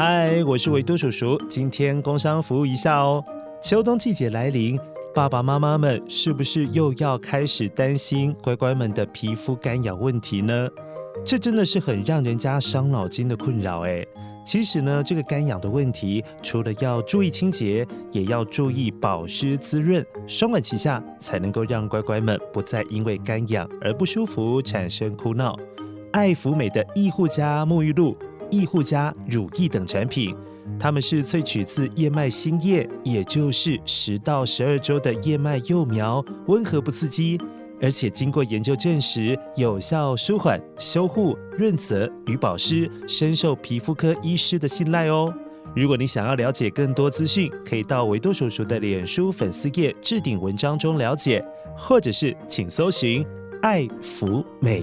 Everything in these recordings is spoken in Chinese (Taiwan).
嗨，我是維多叔叔，今天工商服務一下哦。秋冬季節來臨，爸爸媽媽們是不是又要開始擔心乖乖們的皮膚乾癢問題呢？這真的是很讓人家傷腦筋的困擾哎。其實呢，這個乾癢的問題，除了要注意清潔，也要注意保濕滋潤，雙管齊下，才能夠讓乖乖們不再因為乾癢而不舒服，產生哭鬧。艾芙美的益護佳沐浴露、益護佳乳液等產品，它們是萃取自燕麥新葉，也就是十到十二週的燕麥幼苗，溫和不刺激，而且經過研究證實，有效舒緩、修護、潤澤與保濕，深受皮膚科醫師的信賴哦。如果你想要了解更多資訊，可以到維多叔叔的臉書粉絲頁置頂文章中了解，或者是請搜尋艾芙美。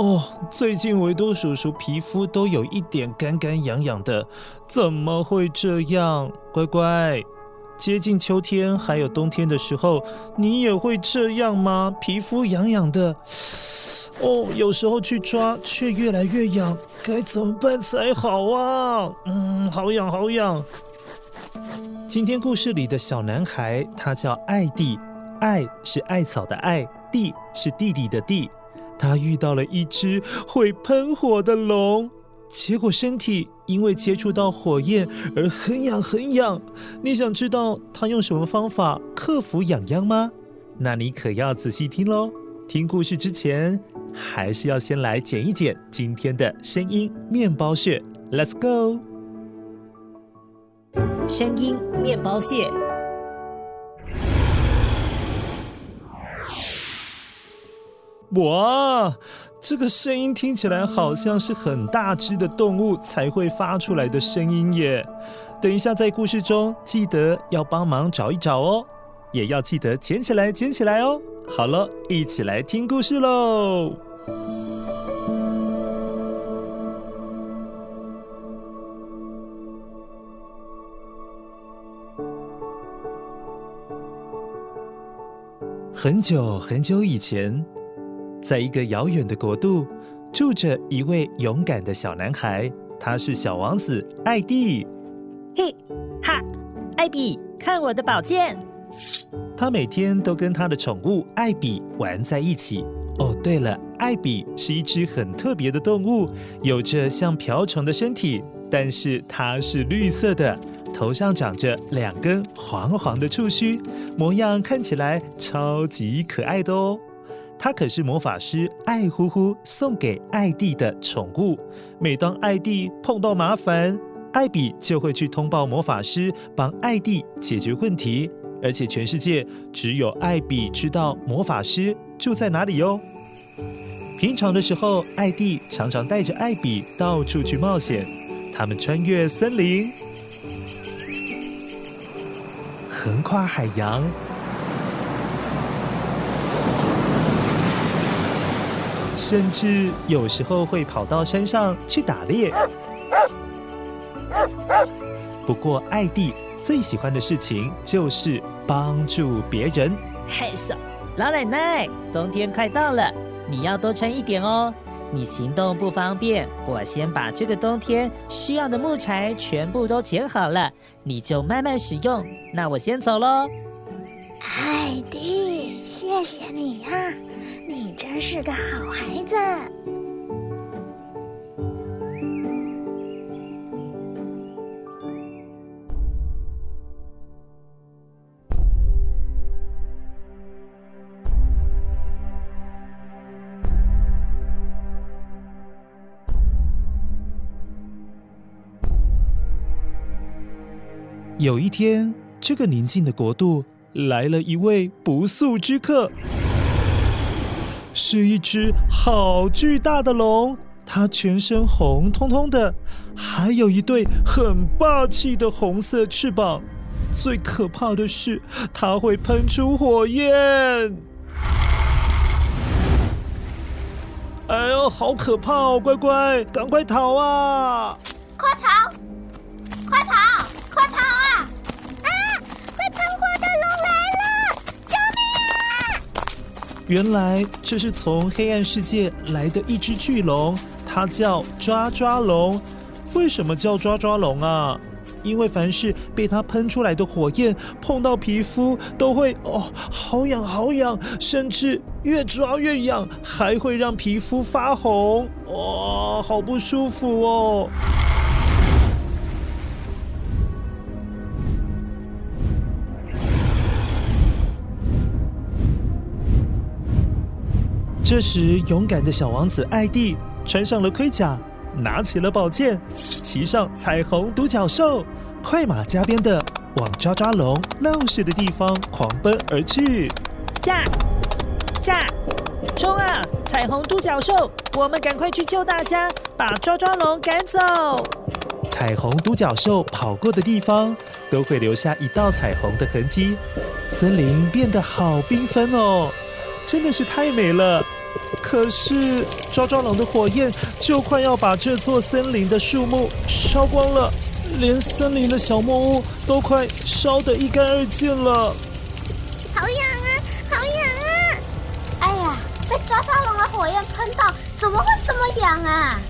哦，最近維多叔叔皮膚都有一點乾乾癢癢的，怎麼會這樣？乖乖，接近秋天還有冬天的時候，你也會這樣嗎？皮膚癢癢的，哦，有時候去抓卻越來越癢，該怎麼辦才好啊？嗯，好癢好癢。今天故事裡的小男孩他叫艾弟。艾是艾草的艾，弟是弟弟的弟。他遇到了一隻會噴火的龍，結果身體因為接觸到火焰而很癢很癢。你想知道他用什麼方法克服癢癢嗎？那你可要仔細聽嘍。聽故事之前，還是要先來剪一剪今天的聲音面包屑。Let's go，聲音面包屑。哇，這個聲音聽起來好像是很大隻的動物才會發出來的聲音耶！等一下在故事中記得要幫忙找一找哦，也要記得撿起來，撿起來哦。好了，一起來聽故事嘍！很久很久以前。在一個遙遠的國度，住着一位勇敢的小男孩，他是小王子艾弟。嘿哈，艾比，看我的寶劍！他每天都跟他的寵物艾比玩在一起。哦，對了，艾比是一隻很特別的動物，有着像瓢蟲的身體，但是它是綠色的，頭上長着兩根黃黃的觸鬚，模樣看起來超級可愛的哦。它可是魔法師艾呼呼送給艾弟的寵物。每當艾弟碰到麻煩，艾比就會去通報魔法師，幫艾弟解決問題。而且全世界只有艾比知道魔法師住在哪裡哦。平常的時候，艾弟常常帶着艾比到處去冒險。他們穿越森林，橫跨海洋。甚至有時候會跑到山上去打獵。不過艾弟最喜歡的事情就是幫助別人。嘿咻，老奶奶，冬天快到了，你要多穿一點哦。你行動不方便，我先把這個冬天需要的木柴全部都撿好了，你就慢慢使用。那我先走嘍，艾弟，謝謝你啊。是個好孩子。有一天，這個寧靜的國度來了一位不速之客。是一隻好巨大的龍，它全身紅彤彤的，還有一對很霸氣的紅色翅膀。最可怕的是，它會噴出火焰。哎呦，好可怕哦！乖乖，趕快逃啊！快逃！快逃！快逃！原來這是從黑暗世界來的一隻巨龍，它叫抓抓龍。為什麼叫抓抓龍啊？因為凡是被它噴出來的火焰碰到皮膚，都會哦好癢好癢，甚至越抓越癢，還會讓皮膚發紅，哇、哦，好不舒服哦。這時，勇敢的小王子艾弟穿上了盔甲，拿起了寶劍，騎上彩虹獨角獸，快馬加鞭的往抓抓龍鬧事的地方狂奔而去。駕，駕，衝啊！彩虹獨角獸，我們趕快去救大家，把抓抓龍趕走。彩虹獨角獸跑過的地方都會留下一道彩虹的痕跡，森林變得好繽紛哦，真的是太美了。可是抓抓龍的火焰就快要把這座森林的樹木燒光了，連森林的小木屋都快燒得一乾二淨了。好癢啊！好癢啊！哎呀，被抓抓龍的火焰噴到，怎麼會這麼癢啊？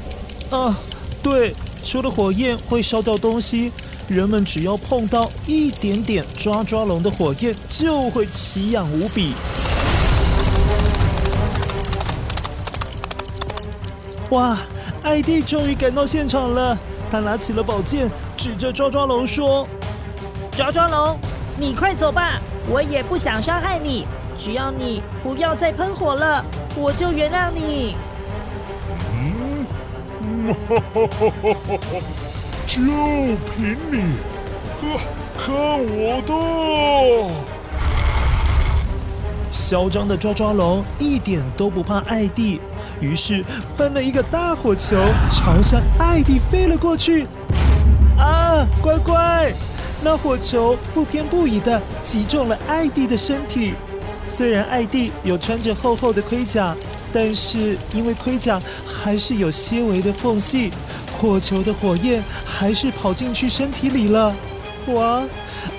啊，對，除了火焰會燒掉東西，人們只要碰到一點點抓抓龍的火焰，就會奇癢無比。哇，艾弟終於趕到現場了。他拿起了寶劍，指着抓抓龍說：“抓抓龍，你快走吧，我也不想傷害你。只要你不要再噴火了，我就原諒你。”嗯，哈哈哈哈哈！就憑你，看我的！囂張的抓抓龍一點都不怕艾弟，於是噴了一個大火球朝向艾弟飛了過去。啊，乖乖，那火球不偏不倚的擊中了艾弟的身體。雖然艾弟有穿着厚厚的盔甲，但是因為盔甲還是有些微的縫隙，火球的火焰還是跑進去身體裡了。哇！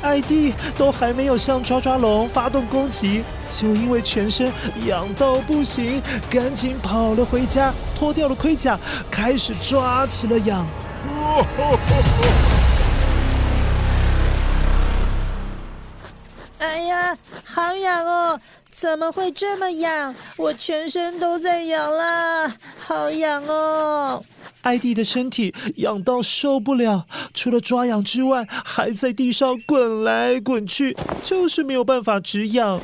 艾弟都還沒有向抓抓龍發動攻擊，就因為全身癢到不行，趕緊跑了回家，脫掉了盔甲，開始抓起了癢。好癢哦！怎麼會這麼癢？我全身都在癢啦，好癢哦！艾弟的身體癢到受不了，除了抓癢之外，還在地上滾來滾去，就是沒有辦法止癢。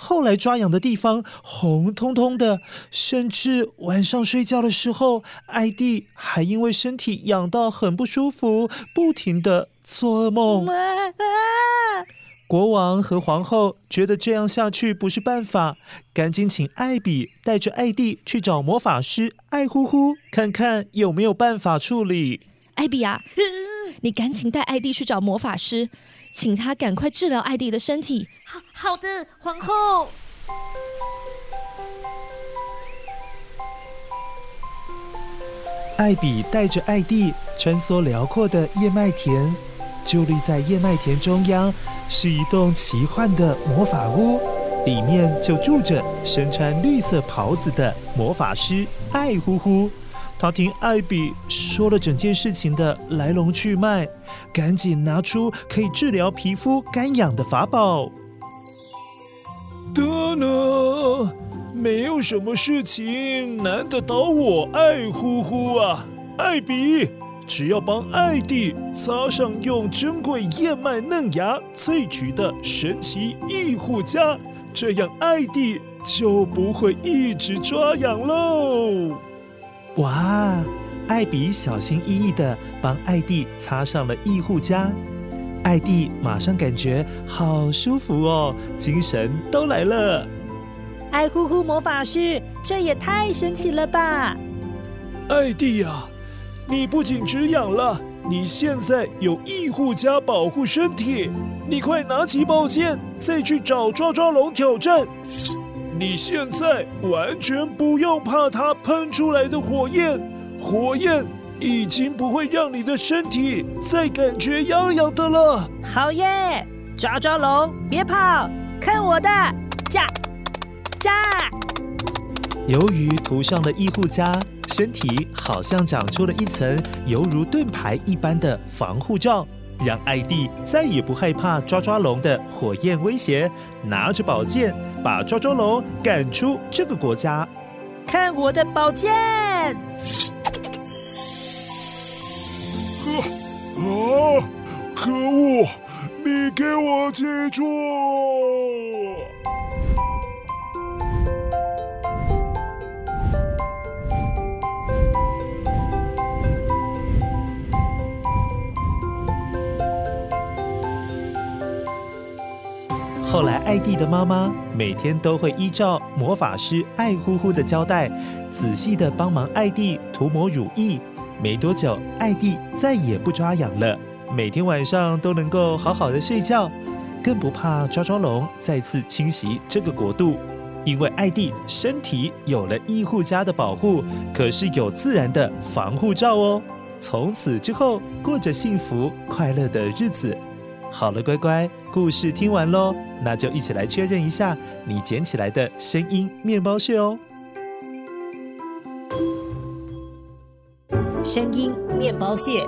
後來抓癢的地方紅彤彤的，甚至晚上睡覺的時候，艾弟還因為身體癢到很不舒服，不停地做噩夢。國王和皇后覺得這樣下去不是辦法，趕緊請艾比帶着艾弟去找魔法師艾呼呼，看看有沒有辦法處理。艾比啊，嗯、你趕緊帶艾弟去找魔法師，請他趕快治療艾弟的身體。好好的，皇後。啊、艾比帶着艾弟穿梭遼闊的燕麥田，佇立在燕麥田中央。是一棟奇幻的魔法屋，裡面就住着身穿綠色袍子的魔法師艾呼呼。他聽艾比說了整件事情的來龍去脈，趕緊拿出可以治療皮膚乾癢的法寶。得了，沒有什麼事情難得倒我艾呼呼啊，艾比。只要幫艾弟擦上用珍貴燕麥嫩芽萃取的神奇益護佳，這樣艾弟就不會一直抓癢嘍。哇！艾比小心翼翼的幫艾弟擦上了益護佳，艾弟馬上感覺好舒服哦，精神都來了。艾呼呼魔法師，這也太神奇了吧！艾弟呀、啊。你不僅止癢了，你現在有益護佳保護身體，你快拿起寶劍，再去找抓抓龍挑戰。你現在完全不用怕它噴出來的火焰，火焰已經不會讓你的身體再感覺癢癢的了。好耶！抓抓龍，別跑，看我的，駕駕。由於塗上了益護佳。身體好像長出了一層猶如盾牌一般的防護罩，讓艾弟再也不害怕抓抓龍的火焰威脅。拿着寶劍，把抓抓龍趕出這個國家。看我的寶劍！啊！可惡！你給我記住！後來，艾弟的媽媽每天都會依照魔法師艾呼呼的交代，仔細的幫忙艾弟塗抹乳液。沒多久，艾弟再也不抓癢了，每天晚上都能夠好好的睡覺，更不怕抓抓龍再次侵襲這個國度。因為艾弟身體有了益護佳的保護，可是有自然的防護罩哦。從此之後，過着幸福快樂的日子。好了，乖乖，故事聽完嘍，那就一起來確認一下你撿起來的聲音麵包屑哦。聲音麵包屑。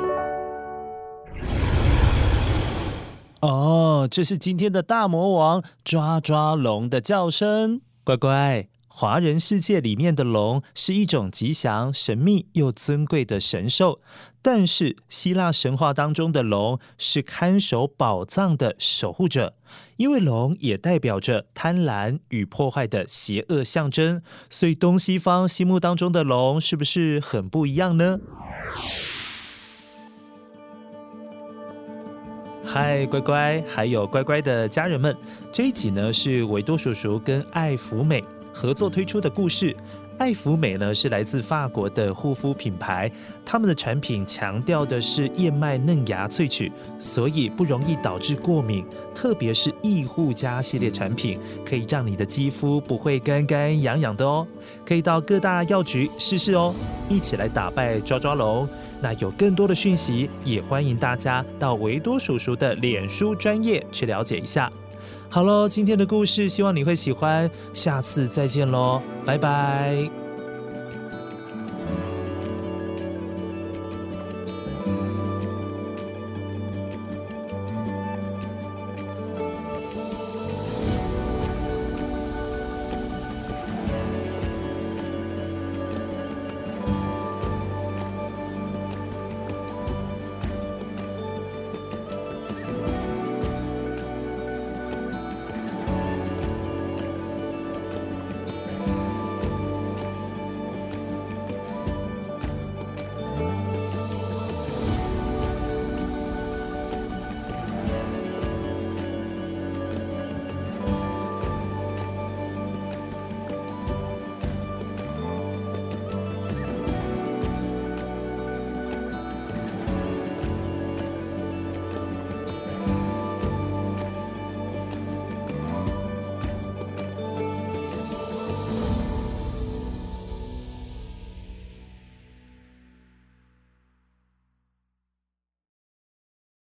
哦，這是今天的大魔王抓抓龍的叫聲，乖乖。華人世界裡面的龍是一種吉祥、神秘又尊貴的神獸，但是希臘神話當中的龍是看守寶藏的守護者，因為龍也代表着貪婪與破壞的邪惡象徵，所以東西方心目當中的龍是不是很不一樣呢？嗨，乖乖，還有乖乖的家人們，這一集呢是維多叔叔跟艾芙美。合作推出的故事，艾芙美呢，是來自法國的護膚品牌，他們的產品強調的是燕麥嫩芽萃取，所以不容易導致過敏，特別是益護佳系列產品，可以讓你的肌膚不會乾乾癢癢的哦，可以到各大藥局試試哦，一起來打敗抓抓龍。那有更多的訊息，也歡迎大家到維多叔叔的臉書專頁去了解一下。好嘍，今天的故事希望你會喜歡，下次再見嘍，拜拜。